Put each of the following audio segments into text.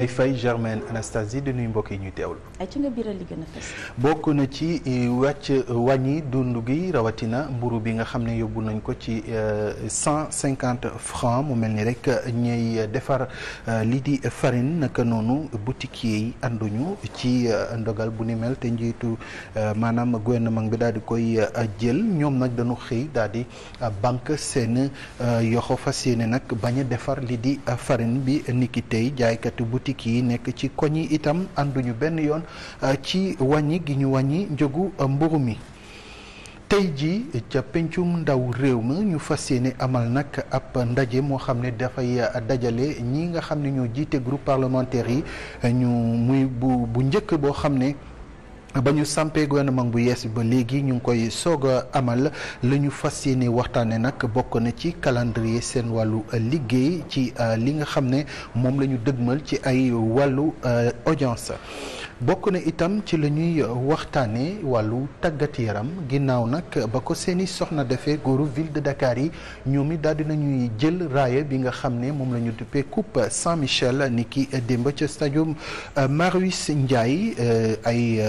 ay fay Germaine Anastasie di nuyu mbokk yi ñuy teewul ay ci bokk na ci e, wàcc wàññi dund gi rawatina mburu bi nga xam ne yóbbu nañ ko ci e, cent cinquante francs mu mel ni rek ñuy defar e, li di farine naka noonu boutiquier yi ànduñu ci ndogal bu ni mel te njiitu maanaam gouvernement bi daal di koy jël ñoom nag dañu xëy daal di banque seen yoxo fas yéene nag bañ a defar li di farine bi niki tey jaaykat politique yi nekk ci koñi itam ànduñu benn yoon euh, ci wàññi gi ñu wàññi njëgu euh, mburu mi tey ji ca pencum ndaw réew ma ñu fas yéene amal nag ab ndaje moo xam ne dafay euh, dajale ñi nga xam ne ñoo jiite groupe parlementaire yi ñu muy bu bu njëkk boo xam ne ba ñu sampee gouvernement bu yees ba léegi ñu ngi koy soog a amal la ñu fas yéene waxtaane nag bokk na ci calendrier seen wàllu euh, liggéey ci euh, li nga xam ne moom lañu dëgmal ci ay wàllu euh, audience bokk na itam ci la ñuy waxtaane wàllu tàggat yaram ginnaaw nag ba ko seeni soxna defee góoru ville de Dakar yi ñoom it daal dinañuy jël raaya bi nga xam ne moom lañu ñu duppee coupe Saint-Michel ni ki démb ca stadium Marius Ndiaye ay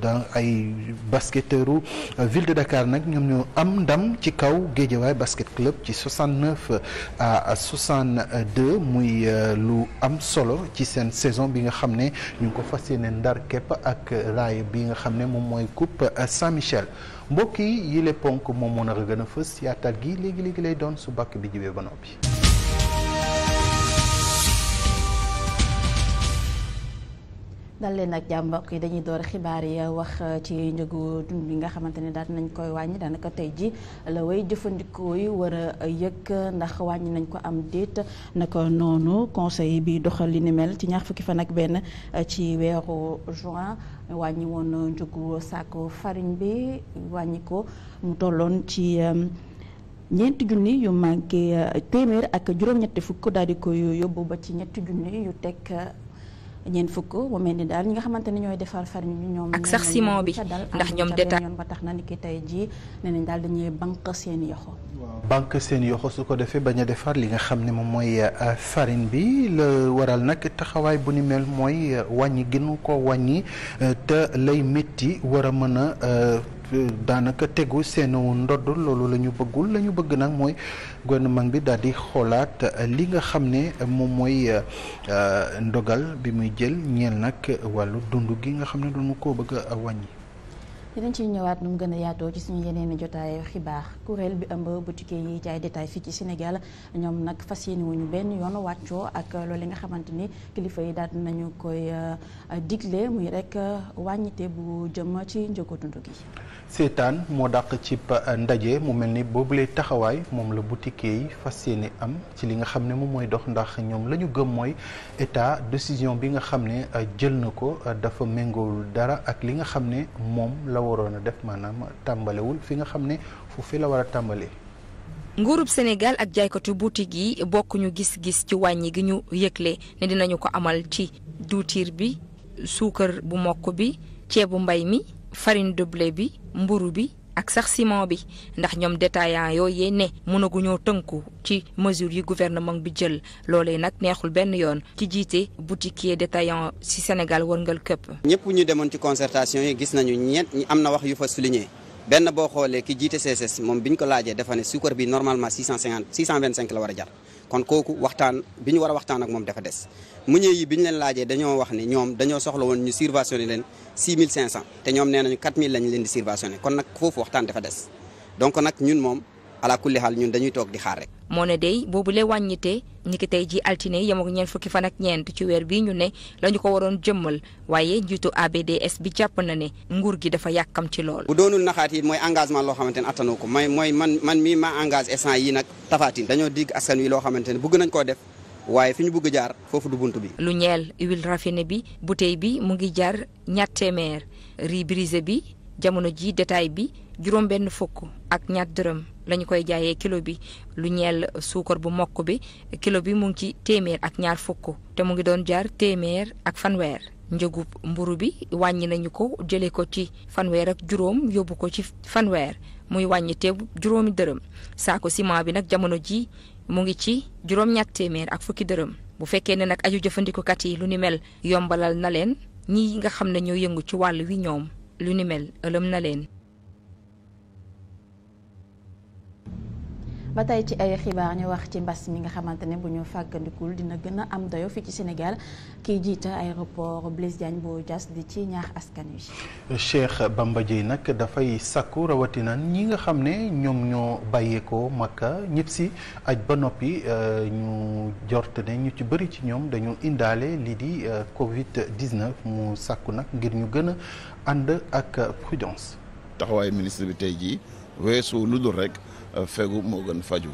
dans ay basketteurs euh, ville de Dakar nag ñoom ñoo am ndam ci kaw Guédiawaye basket club ci 69 à 62 muy euh, lu am solo ci seen saison bi nga xam ne ñu ngi ko fas yéene ndar képp ak raay bi nga xam ne moom mooy coupe Saint-Michel mbokk yi yile ponk moom moo nar a gën a fës yaatal gi léegi léegi lay doon su bàkk bi jibee ba noppi. dal leen ak jàmm yi dañuy door xibaar yi wax eh, ci njëgu dund bi nga xamante ne daal nañ koy wàññi daanaka tey ji la way jëfandikoo yi war a yëg ndax wàññi nañ ko am déet naka noonu conseil bi doxal mel ci ñaar fukki fan ak benn eh, ci weeru juin wàññi woon njëgu saaku fariñ bi wàññi ko mu tolloon ci eh, ñeenti junni yu manqué téeméer ak juróom-ñetti fukk daal koy yóbbu ba ci ñetti junni yu teg ñeent fukk mu mel ni daal ñi nga xamante ni ñooy defar farine bi ñoom. ak sax ciment bi ndax ñoom détail yoon ba tax na ni ki tey jii nee daal dañuy banque seen yoxo. banque seen yoxo su ko defee bañ a defar li nga xam ne moom mooy euh, farine bi la waral nag taxawaay bu ni mel mooy euh, wàññi gënu ko wàññi euh, te lay métti war a mën a. daanaka tegu seen ndodd loolu la ñu bëggul lañu bëgg nag mooy mag bi daal di xoolaat li nga xam ne moom mooy euh, euh, ndogal bi muy jël ñeen nag wàllu dund gi nga xam ne doonu ko bëgg a wàññi. dinañ ci ñëwaat nu mu gën a yaatoo ci suñu yeneen jotaayu xibaar kuréel bi ëmb boutique yi jaay détail fii ci senegal ñoom nag fas yéene ñu benn yoon wàccoo ak loolu li nga xamante ni kilifa yi daal nañu koy euh, digle muy rek euh, wàññite bu jëm ci njëgu dund gi. moo dàq ci euh, ndaje mu mel ni boobule taxawaay moom la boutique yi fas yéene am ci li nga xam ne moom mooy dox ndax ñoom la ñu gëm mooy état décision bi nga xam ne jël na ko dafa méngoowul dara ak li nga xam ne moom la. waroon a def maanaam tàmbalewul fi nga xam ne foofu la war a tàmbalee. nguurub Sénégal ak jaaykati boutique yi bokkuñu gis-gis ci wàññi gi ñu yégle ne dinañu ko amal ci duutiir bi suukar bu mokk bi ceebu mbay mi farine de bi mburu bi. ak sax simon bi ndax ñoom détaillant yooyu ne mënaguñoo tënku ci mesure yi gouvernement bi jël loolee nag neexul benn yoon ci jiite boutiquier détaillant ci Sénégal wërngal këpp. ñëpp ñu demoon ci concertation yi gis nañu ñett am na wax yu fa souligné benn boo xoolee ki jiite CSS moom bi ñu ko laajee dafa ne suukar bi normalement la war a jar kon kooku waxtaan bi ñu war a waxtaan ak moom dafa des muñee yi bi ñu leen laajee dañoo wax ne ñoom dañoo soxla woon ñu subventionné leen te ñoom nee nañu 4000 leen di subventionné kon nag foofu waxtaan dafa des donc nag ñun moom ala xaal ñun dañuy toog di xaar rek. moo ne day boobu la wàññite niki tey ji altine yem ak fukki fan ak ñeent ci bii ñu ne la ko waroon jëmmal waaye njiitu ABDS bi jàpp na ne nguur gi dafa yàkkam ci lool bu doonul naxaat yi mooy engagement loo xamante ne attanoo ko mooy mooy man man mii ma engage essence yi nag tafaatin dañoo digg askan wi loo xamante ne nañ koo def waaye fi ñu bëgg jaar foofu du bunt bi lu ñeel huile raffinée bi bouteille bi mu ngi jar ñaar téeméer riz bi jamono ji détail bi juróom benn fukk ak ñaar dërëm lañu koy jaayee kilo bi lu ñeel suukar bu mokk bi kilo bi mu ngi ci téeméer ak ñaar fukk te mu ngi doon jaar téeméer ak fanweer njëgu mburu bi wàññi nañu ko jëlee ko ci fanweer ak juróom yóbbu ko ci fanweer muy wàññi te juróomi dërëm saako ciment bi nag jamono ji mu ngi ci juróom-ñett téeméer ak fukki dërëm bu fekkee ne nag aju jëfandikukat yi lu ni mel yombalal na leen ñi nga xam ne ñoo yëngu ci wàll wi ñoom lu ni mel ëlëm na leen ba tey ci ay xibaar ñu wax ci mbas mi nga xamante ne bu ñu fàggandikul dina gën a am dayo fii ci Sénégal kiy jiita aéroport Blaise Diagne bu Diass di ci ñaax askan wi. Cheikh Bamba Dièye nag dafay sakku rawatina ñi nga xam ne ñoom ñoo bàyyeekoo Makka ñëpp si aj ba noppi euh, ñu jorte ne ñu ci bëri ci ñoom dañu indaale lii di euh, Covid 19 mu sakku nag ngir ñu gën a ànd ak prudence. taxawaayu ministre bi tey jii weesu lu dul rek. fegu moo gën faju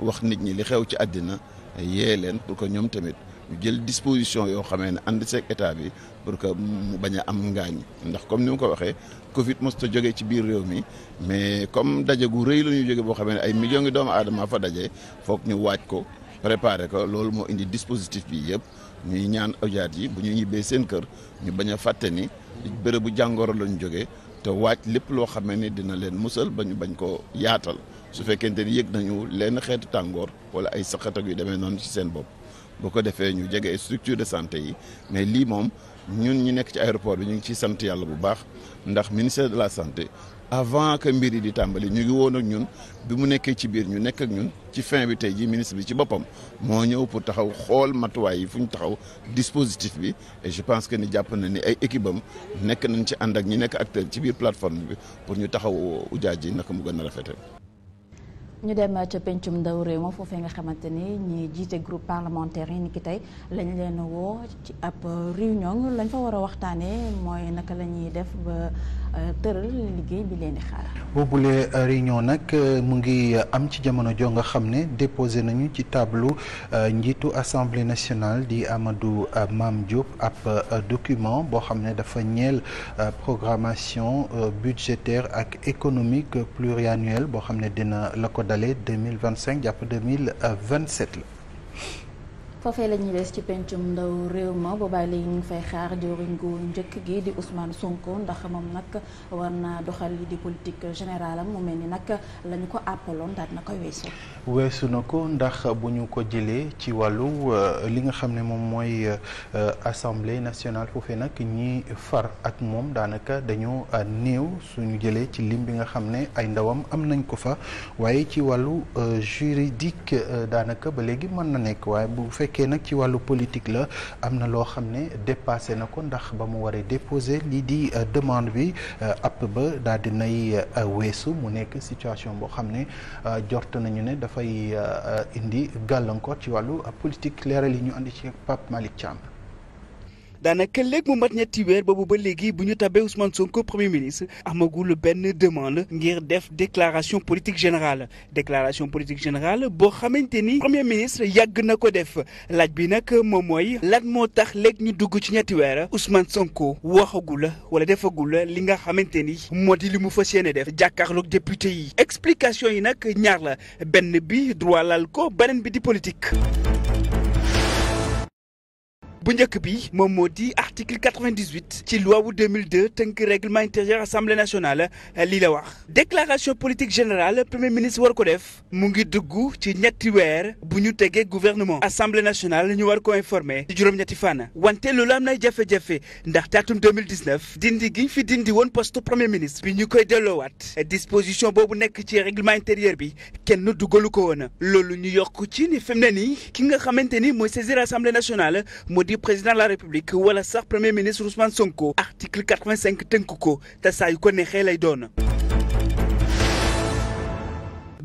wax nit ñi li xew ci àddina yee leen pour que ñoom tamit ñu jël disposition yoo xamee ne ànd seeg état bi pour que mu bañ a am ngaañ ndax comme ni ma ko waxee Covid mos ta joge ci biir réew mi mais comme daje gu rëy la ñuy jóge boo xamee ne ay millions ngi doomu aadama fa daje foog ñu waaj ko préparer ko loolu moo indi dispositif bi yëpp ñuy ñaan ojaat yi bu ñu ñibbee seen kër ñu bañ a fàtte ni bërëbu jàngoro lañ jógee te waaj lépp loo xamee ne dina leen musal ba ñu bañ ko yaatal su fekkente ni yëg nañu lenn xeetu tàngoor wala ay saxat ak yu demee noonu ci seen bopp boo ko defee ñu jege structure de santé yi mais lii moom ñun ñu nekk ci aéroport bi ñu ngi ciy sant yàlla bu baax ndax ministère de la santé avant que mbir yi di tàmbali ñu ngi woon ak ñun bi mu nekkee ci biir ñu nekk ak ñun ci fin bi tey jii ministre bi ci boppam moo ñëw pour taxaw xool matuwaay yi fu ñu taxaw dispositif bi et je pense que ni jàpp na ni ay équipe am nekk nañ ci ànd ak ñi nekk acteur ci biir plateforme bi pour ñu taxaw ujaaj ji naka mu gën a rafetee ñu dem ca pencum ndaw réew ma foofee nga xamante ni ñuy jiite groupe parlementaire yi ni ki tey lañ leen woo ci ab réunion lañ fa war a waxtaanee mooy naka la ñuy def ba tëral liggéey bi leen di xaar. boobule euh, réunion nag euh, mu ngi am ci jamono joo nga xam ne déposé nañu ci tableau euh, njiitu assemblée nationale di Amadou maam Diop ab document boo xam ne dafa ñeel programmation budgétaire ak économique pluriannuelle boo xam ne dina la ko dalee deux mille vingt cinq jàpp deux mille vingt sept la. foofee la ñuy des ci pencum ndaw réew ma boobaay léegi ñu ngi fay xaar jëwriñ gu njëkk gi di Ousmane Sonko ndax moom nag war naa doxal li di politique générale am mu mel ni nag la ko àppaloon daal na koy weesu. weesu na ko ndax bu ñu ko jëlee ci wàllu euh, li nga xam ne moom mooy euh, assemblée nationale foofee nag ñi far ak moom daanaka dañoo euh, néew suñu jëlee ci lim bi nga xam ne ay ndawam am nañ ko fa waaye ci wàllu juridique daanaka ba léegi mën na nekk waaye bu fekkee fekkee nag ci wàllu politique la am na loo xam ne dépassé na ko ndax ba mu waree déposé lii di euh, demande bi euh, app ba daal di nay euh, weesu mu nekk situation boo xam ne jort nañu ne dafay indi gàllankoor ci wàllu politique leeral yi ñu indi ci Pape Malick daanaka léegi mu mat ñetti weer boobu ba léegi bu ñu tabee Ousmane Sonko premier ministre amagul benn demande ngir def déclaration politique générale déclaration politique générale boo xamante ni premier ministre yàgg na ko def laaj bi nag moom mooy lan moo tax léegi ñu dugg ci ñetti weer Ousmane Sonko waxagul wala defagul li nga xamante ni moo di li mu fa yéene def jàkkaarloog député yi explication yi nag ñaar la benn bi droit lal ko beneen bi di politique bu njëkk bi moom moo di article 98 ci loi wu 2002 tënk règlement intérieur assemblée nationale eh, lii la wax déclaration politique générale premier ministre war ko def mu ngi dugg ci ñetti weer bu ñu tegee gouvernement assemblée nationale ñu war ko informer juróom-ñetti fànn wante loolu am nay jafe-jafe ndax taatum dindi gi fi dindi woon poste premier ministre bi ñu koy delloowaat disposition boobu nekk ci règlement intérieur bi kenn dugalu ko woon loolu ñu yokk di président de la république wala sax premier ministre Ousmane Sonko article 85 tënk ko te saa yu ko neexee lay doon.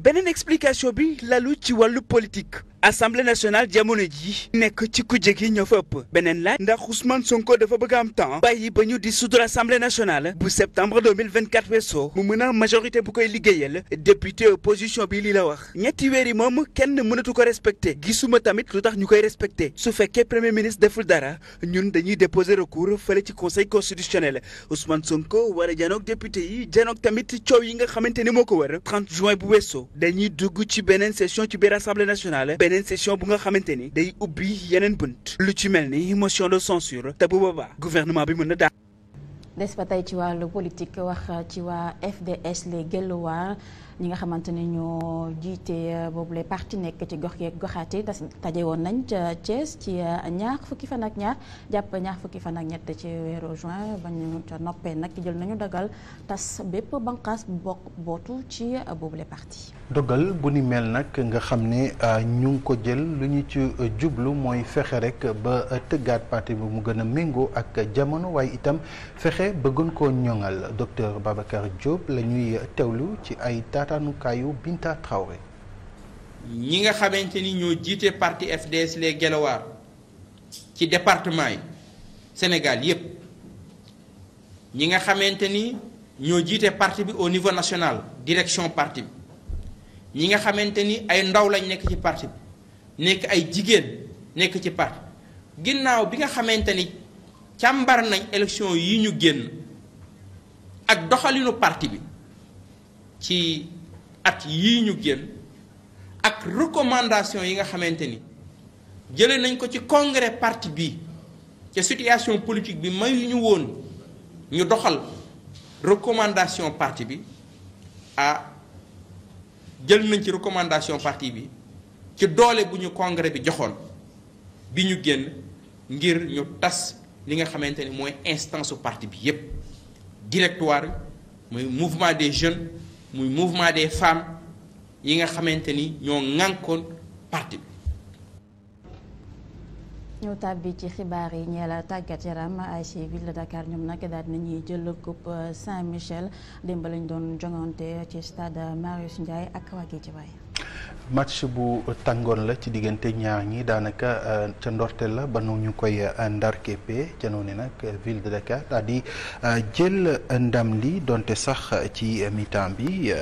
beneen explication bi lalu ci wàllu politique assemblée national jamono ji nekk ci kujje gi ñoo fa ëpp beneen laaj ndax Ousmane Sonko dafa bëgg am temps bàyyi ba ñu di sutur assemblée nationale bu septembre 2024 weesoo mu mën a majorité bu koy liggéeyal député opposition bi li la wax ñetti weer yi moom kenn mënatu ko respecté gisuma tamit lu tax ñu koy respecté su fekkee premier ministre deful dara ñun dañuy déposer recours fële ci conseil constitutionnel Ousmane Sonko war a janoog député yi janoog tamit coow yi nga xamante ni moo ko wër 30 juin bu weesoo dañuy dugg ci beneen session ci biir assemblée nationale beneen beneen session bu nga xamante ni day ubbi yeneen bunt lu ci mel ni motion de censure te bu boobaa gouvernement bi mën na daal des ba tey ci wàllu politique wax ci waa FDS les Guelwaar ñi nga xamante ne ñoo jiite euh, boobu les parti nekk ci gox yeeg goxaat yi taje woon nañ ca Thiès ci euh, ñaar fukki fan ak ñaar jàpp ñaar fukki fan ak ñett ci weeru juin ba ñu ca noppee nag jël nañu dogal tas bépp banqaas bu bootu ci euh, boobu les parti dogal bu ni mel nag nga xam ne ñu ngi ko jël lu ñu ci jublu mooy fexe rek ba tëggaat partie bi mu gën a méngoo ak jamono waaye itam fexe bëggoon ko ñoŋal docteur Babacar Diop la ñuy teewlu ci ay taat taataanukaayu Binta Traoré. ñi nga xamante ni ñoo jiitee parti FDS les Guelwaar ci département yi Sénégal yépp ñi nga xamante ni ñoo jiite parti bi au niveau national direction parti bi ñi nga xamante ni ay ndaw lañ nekk ci parti bi nekk ay jigéen nekk ci parti ginnaaw bi nga xamante ni càmbar nañ élection yi ñu génn ak doxalinu parti bi ci at yii ñu génn ak recommandation yi nga xamante ni jëlee nañ ko ci congrès parti bi te situation politique bi ñu woon ñu doxal recommandation parti bi ah jël nañ ci recommandation parti bi ci doole bu ñu congrès bi joxoon bi ñu génn ngir ñu tas li nga xamante ni mooy instance su parti bi yépp directoire mooy mouvement des jeunes muy mouvement de femmes yi nga xamante ni ñoo ŋànkoon parti bi ñu tàbbi ci xibaar yi ñeela tàggat yaram ASC ville de Dakar ñoom nag daal nañuy jël coupe Saint-Michel démb lañ doon jongante ci stade Marius Ndiaye ak waa Guédiawaye match bu tàngoon la ci diggante ñaar ñi daanaka euh, ca ndorteel la ba ñu koy euh, ndar képpee ca noonu nag ville de Dakar daal di euh, jël ndam li donte sax ci mi bi bi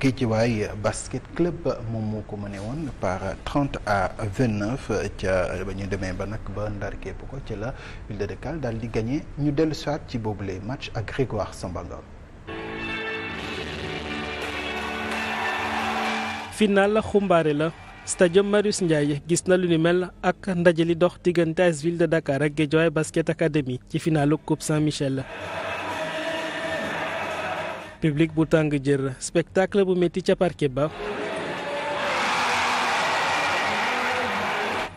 Guédiawaye basket club moom moo ko ma ne woon par a à vingt neuf ca ba ñu demee ba nag ba ndar képp ko ci la ville de Dakar daal di gagné ñu dellu soit ci boobu boobule match ak Grégoire Sambangor. final la xumbaare la stadium Marius Ndiaye gis na lu ni mel ak ndajali dox diggante AS Ville de Dakar ak Guédiawaye Basket Academy ci finalu Coupe Saint-Michel. public bu tàng jër spectacle bu métti ca parquet ba.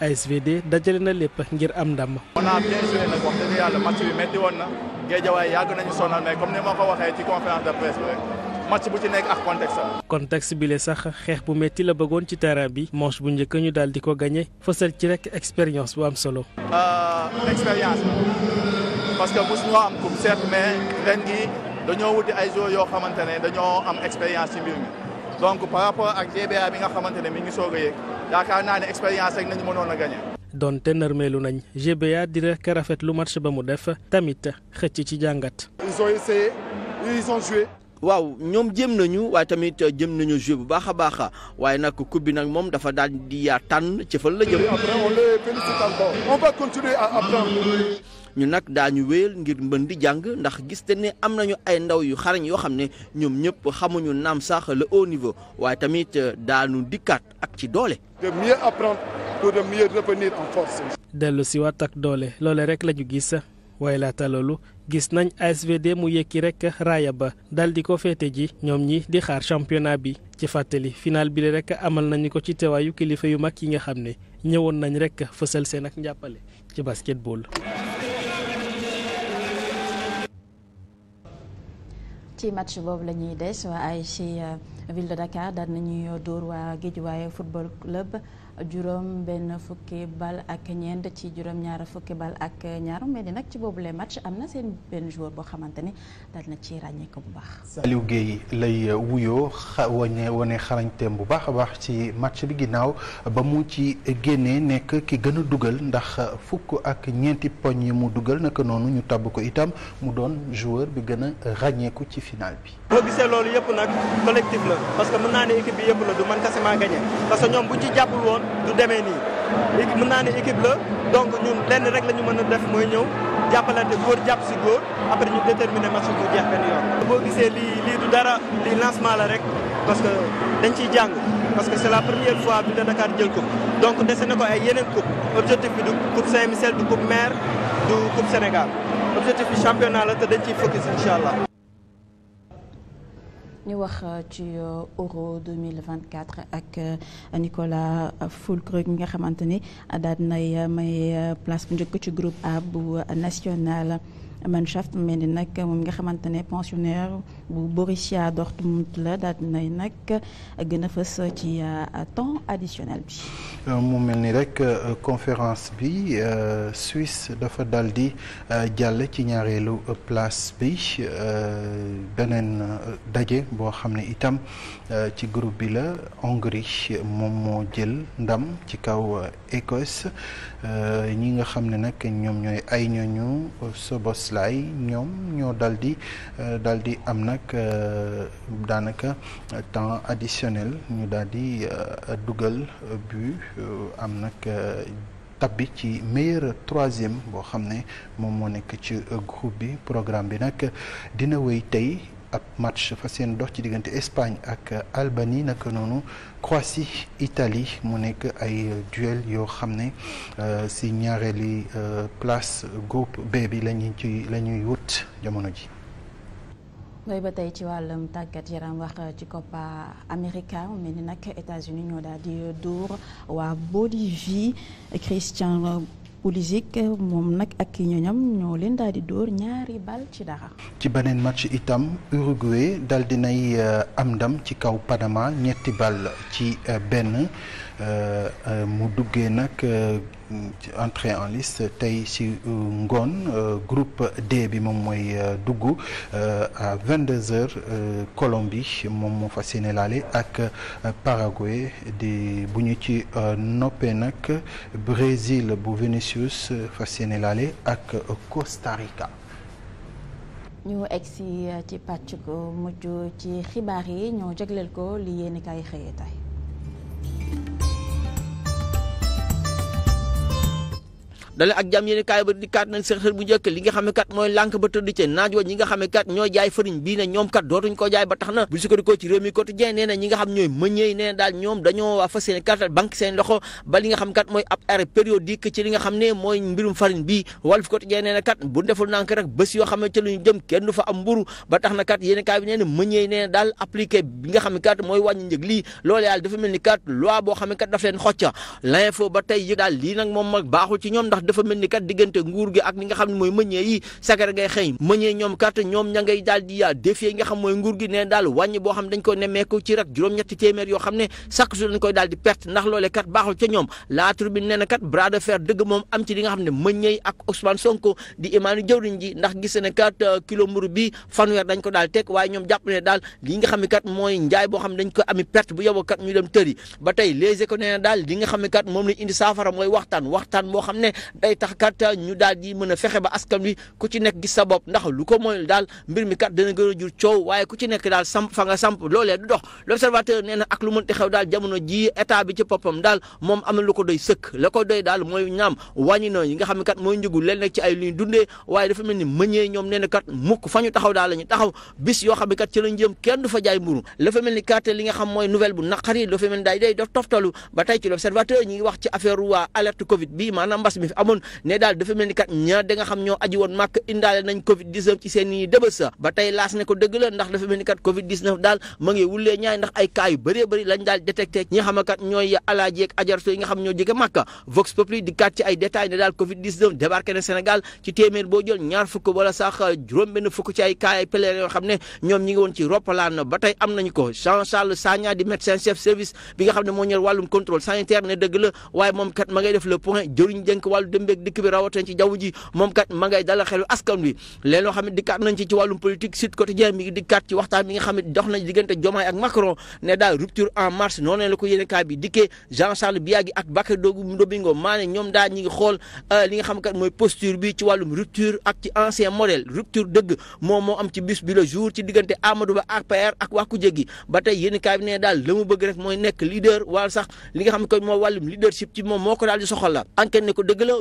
ASVD dajale na lépp ngir am ndam. on a bien joué nag wax dëgg yàlla match bi métti woon na Guédiawaye yàgg nañu sonal mais comme ni ma ko waxee ci conférence de presse bi rek. match bu ci nekk ak contexte contexte bi le sax xeex bu métti la bëggoon ci terrain bi manche bu njëkk ñu daal di ko gagné fësal ci rek expérience bu am solo. Euh, expérience parce que mosu ñoo am coupe certes mais ren gi dañoo wuti ay joueurs yoo xamante dañoo am expérience ci mbir mi donc par rapport ak GBA bi nga xamante ne ngi soog a yëg yaakaar naa ne expérience rek nañu mënoon a gagné. donte nañ GBA di rek rafet lu match ba mu def tamit xëcc ci jàngat. waaw ñoom jëm nañu waaye tamit euh, jëm nañu joué bu baax a baax waaye nag coupe bi nag moom dafa daal di yaa tànn ci fan la jëm. ñu nag daañu wéyal ngir mbën di jàng ndax gis te ne am nañu ay ndaw yu xarañ yoo xam ne ñoom ñëpp xamuñu naam sax la haut niveau waaye tamit euh, daanu dikkaat ak ci doole. de si waat ak doole loole rek lañu ñu gis. waaye la loolu gis nañ ASVD mu yëkki rek raaya ba dal di ko féete ji ñoom ñi di xaar championnat bi ci fàttali final bi rek amal nañu ko ci teewaayu kilifa yu mag yi nga xam ne ñëwoon nañ rek fësal seen ak njàppale ci basketball. ci juróom benn fukki bal ak ñeent ci juróom ñaar fukki bal ak ñaar mais di nag ci boobu les match am na seen benn joueur boo xamante ni daal na ci ràññee ko bu baax. Saliou Guèye lay wuyoo xa wane wane xarañteem bu baax a baax ci match bi ginnaaw ba mu ci génnee nekk ki gën a dugal ndax fukk ak ñeenti poñ yi mu dugal naka noonu ñu tabb ko itam mu doon joueur bi gën a ràññeeku ci final bi. boo gisee loolu yëpp nag collectif la parce mën naa ne équipe bi yëpp la du man kese maa gagné parce ñoom bu ci jàppul woon du demee nii mën naa ne équipe la donc ñun lenn rek la ñu mën a def mooy ñëw jàppalante góor jàpp si góor après ñu déterminer match bu jeex benn yoon. boo gisee lii lii du dara lii lancement la rek parce que dañ ciy jàng parce que c'est la première fois bi Dakar jël ko donc dese na ko ay yeneen coupe objectif bi du coupe Saint-Michel du coupe maire du coupe Sénégal objectif bi championnat la te dañ ciy focus incha allah. ñu wax euh, ci euh, euro 2024 ak euh, Nicolas Fulkrug mi nga xamante ni daal nay may place bu njëkk ci groupe A bu national Mannschaft mu mel ni nag moom nga xamante ne pensionnaire bu Borussia Dortmund la daal dinay nag gën a fës ci euh, temps additionnel bi. Euh, mu mel ni rek euh, conférence bi Suisse dafa dal di jàll ci ñaareelu place bi beneen daje boo xam ne itam ci groupe bi la Hongrie moom moo jël ndam ci kaw Écosse ñi nga xam ne nag ñoom ñooy ay ñooñu Sobos. Tesla yi ñoom ñoo dal di euh, dal di am nag euh, daanaka temps additionnel ñu daal di euh, dugal bu am nag tabbi ci meilleur troisième boo xam ne moom moo nekk ci groupe bi programme bi nag dina woy tey ab match fas yéene dox ci diggante Espagne ak Albanie naka noonu Croatie Italie mu nekk ay duel yoo xam ne euh, si ñaareeli euh, place groupe B bi la ci la ñuy wut jamono ji. mooy ba tey ci wàllum tàggat yaram wax ci Copa América mel ni nag États-Unis ñoo daal di dóor waa Bolivie Christian. politique moom nag ak ñoñam ñoo leen daal di dóor ñaari bal ci dara. ci beneen match itam Uruguay dal dinay eh, am ndam ci kaw Panama ñetti bal ci eh, benn. Euh, euh, mu duggee nag euh, entrée en liste tey ci ngoon groupe D bi moom mooy dugg à 22h Colombie moom moo fas yéene laale ak Paraguay di bu ñu ci noppee nag Brésil bu Vinicius fa yéene ak Costa Rica. ñu egsi ci pàcc ko mujj ci xibaar yi ñoo jagleel ko li yéen kay xëyee tey dale ak jàmm yéen kaay ba di naaj wa ñi nga kat ñooy jaay fariñ bii ne ñoom kat dootuñ ko jaay ba tax bu sukkandikoo ci réew mi quotidien nee na ñi nga xam ñooy mëñeey kat mooy ab arrêt ci li xam ne mooy mbirum fariñ bii Walf quotidien nee na kat bu deful nànk rek bés yoo xam ne ca lu ñu jëm fa am mburu kat yéen kaay bi nee na mëñeey nee na daal appliqué kat mooy wàññi njëg lii loolu yàlla dafa mel kat loi boo xam ne dafa mel ni kat diggante nguur gi ak li xam mooy mëñee yi sagara ngay xëy ñoom kat ñoom ña daal di yaa ah, défier nga xam mooy nguur gi ne daal di nga xam kat mooy njaay boo xam dañ ko ami perte bu yoboo kat ñu dem tëri ba tey les éco nee daal li nga xam kat moom lañ indi saafara mooy waxtaan waxtaan boo xam ne day tax kat ñu daal di mën a fexe ba askan wi ku ci nekk gi sa bopp ndax lu ko mooy daal mbir mi kat dana gën a jur coow waaye ku ci nekk daal samp fa nga samp loole du dox l'observateur nee na ak lu mënti xew daal jamono ji état bi ci boppam daal moom am na lu ko doy sëkk la ko doy daal mooy ñaam wàññi na yi nga xam ne kat mooy njëgu leen ci ay lu ñu dundee waaye dafa mel ni mëñee ñoom nee mukk fa ñu taxaw daal la ñu taxaw bis yoo xam ne kat ci lañ jëm kenn du fa jaay mburu dafa ni kat li nga xam mooy nouvelle bu naqari dafa mel ni day day daf toftalu ba tey ci l'observateur ñi ngi wax ci affaire waa alerte covid maanaam mbas mi amoon ne daal dafa mel ni kat ñaar da nga xam ñoo aji ci seen i débës ba laas ne ko dëgg ndax dafa mel kat Covid 19 daal daal détecté ñi nga xam ne kat ñooy juróom-benn fukk ci ay cas ay pèlerin yoo ñoom ñi ngi ci roppalaan ba tey am nañu ko Jean Charles Sagna di médecin chef service bi nga xam ne moo ñor wàllum contrôle sanitaire ne dëgg waaye moom kat ma def le point jëriñ dénk wàllu dëmbeeg dikk bi rawatina ci jaww ji moom kat ma ngay dala xelu askan wi leen loo xam ne nañ ci ci wàllum politique Sud Quotidien mi ngi dikkaat ci waxtaan bi nga xam ne dox nañ diggante Diomaye ak Macron ne daal rupture en marche noonu la ko yéene kaay bi dikkee Jean Charles Biagui ak Bakary Domingo maane ñoom daal ñi ngi xool euh, li nga xam kat mooy posture bi ci wàllum rupture ak ci ancien modèle rupture dëgg moom moo am ci bis bi jour ci diggante Amadou nekk leader wala sax li nga xam ne mooy wàllum leadership ci moom moo ko daal di la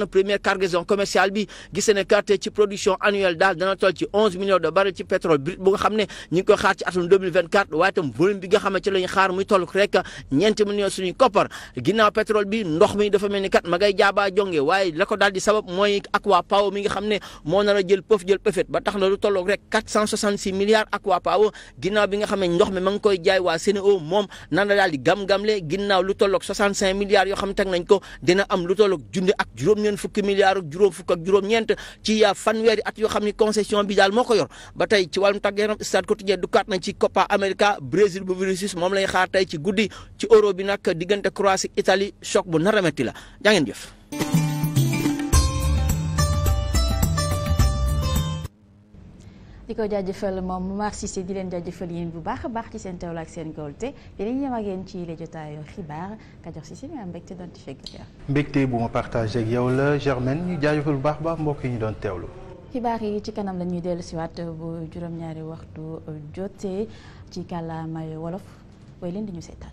na première cargaison bi gis ne ci production annuelle daal dana toll ci onze millions de ci pétrole brut bu xam ne ñu ko xaar ci atum waaye itam volume bi nga xam ne ci la ñu xaar muy toll rek ñeenti millions suñuy koppar ginnaaw pétrole bi jonge waaye la daal di sabab mooy Aqua Power mi nga xam ne moo nar a jël pëf jël ba tax na lu tolloog rek 466 milliards Aqua Power ginnaaw bi nga xam ne ndox mi ma ngi koy jaay waa Sénégal moom ñeen fukki milliards ak juróom fukk ak juróom-ñeent ci fanweeri at yoo xam ni concession bi jaal moo ko yor ba tey ci wàllum tàggat yaram stade quotidien dukaat nañ ci Copa America Brésil bu Vinicius moom lay xaar tey ci guddi ci euro bi nag diggante Croatie Italie choc bu nar la jaa ngeen jëf di ko jaajëfal moom Mar Cissé di leen jaajëfal yéen bu baax a baax ci seen teewlu ak seen kóolute dinañ ñëw ak ci les jotaayu xibaar Kajoor Cissé ñu am mbekk doon ci fekk mbégte bu ma partagé ak yow la Germaine ñu jaajëfal bu baax a baax mbokk yi ñu doon teewlu. xibaar yi ci kanam lañuy dellu si waat bu juróom-ñaari waxtu jotee ci kàllaamay wolof way leen di ñu seetaan.